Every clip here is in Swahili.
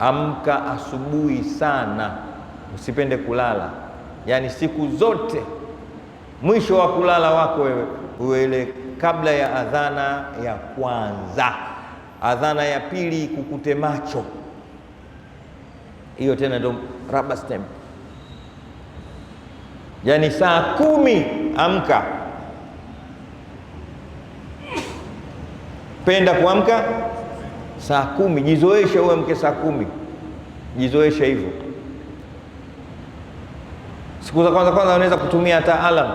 amka asubuhi sana, usipende kulala. Yaani siku zote mwisho wa kulala wako wewe uele kabla ya adhana ya kwanza, adhana ya pili kukute macho. Hiyo tena ndo rubber stamp. Yaani saa kumi amka, penda kuamka saa kumi. Jizoeshe uwe mke saa kumi, jizoeshe hivyo. Siku za kwanza kwanza unaweza kutumia hata alam,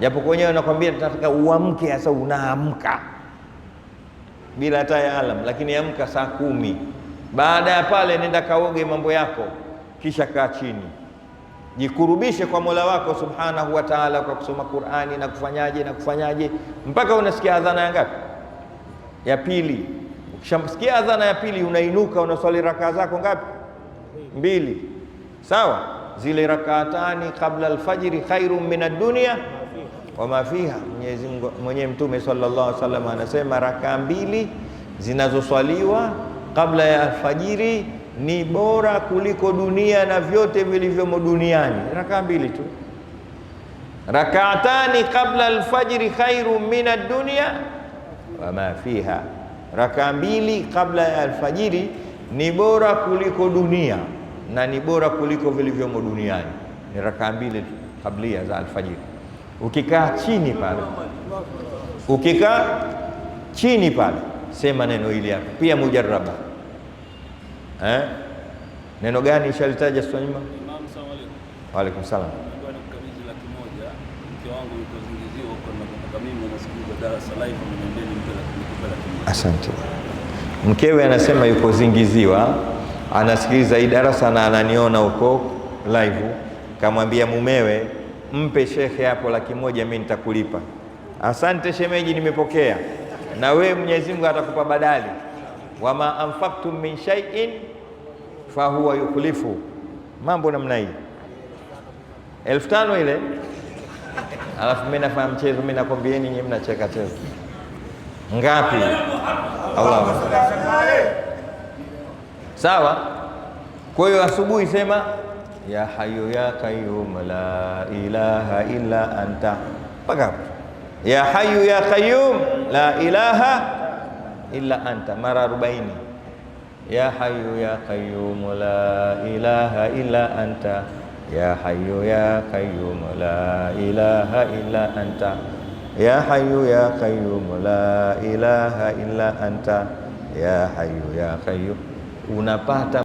japo kwenyewe nakwambia tunataka uamke sasa. Unaamka bila hata ya alam, lakini amka saa kumi. Baada ya pale, nenda kaoge mambo yako, kisha kaa chini, jikurubishe kwa Mola wako subhanahu wa taala kwa kusoma Qurani na kufanyaje na kufanyaje, mpaka unasikia adhana ya ngapi? Ya pili. Shamsikia adhana ya pili, unainuka unaswali rakaa zako ngapi? Mbili. Sawa, zile rakaatani kabla alfajiri khairu min ad-dunya wa ma fiha. Mwenyezi Mungu mwenyewe Mtume sallallahu alaihi wasallam anasema rakaa mbili zinazoswaliwa kabla ya alfajiri ni bora kuliko dunia na vyote vilivyomo duniani. Rakaa mbili tu. Rakatani kabla alfajiri khairu min ad-dunya wa ma fiha rakaa mbili kabla ya alfajiri ni bora kuliko dunia na ni bora kuliko vilivyomo duniani. Ni rakaa mbili kablia za alfajiri. Ukikaa chini pale, ukikaa chini pale, sema neno hili hapa pia mujaraba eh? Neno gani ishalitaja sio nyuma? alaikum salam. darasa live, Asante. Mkewe anasema yuko Zingiziwa, anasikiliza hii darasa na ananiona huko live. Kamwambia mumewe, mpe shekhe hapo laki moja, mimi nitakulipa. Asante shemeji, nimepokea. Na wewe Mwenyezi Mungu atakupa badali, wama anfaqtum min shay'in fahuwa yukhlifu. Mambo namna hii, elfu tano ile alafu mimi nafanya mchezo, mimi nakwambieni nyinyi mnacheka ngapi? Allahu sawa. Kwa hiyo asubuhi sema ya hayu ya qayyum la ilaha illa anta mpaka hapo. Ya hayu ya qayyum la ilaha illa anta mara arobaini. Ya hayu ya qayyum la ilaha illa anta ya hayu ya qayyum la ilaha illa anta ya hayu ya qayyum la ilaha illa anta ya hayu ya qayyum unapata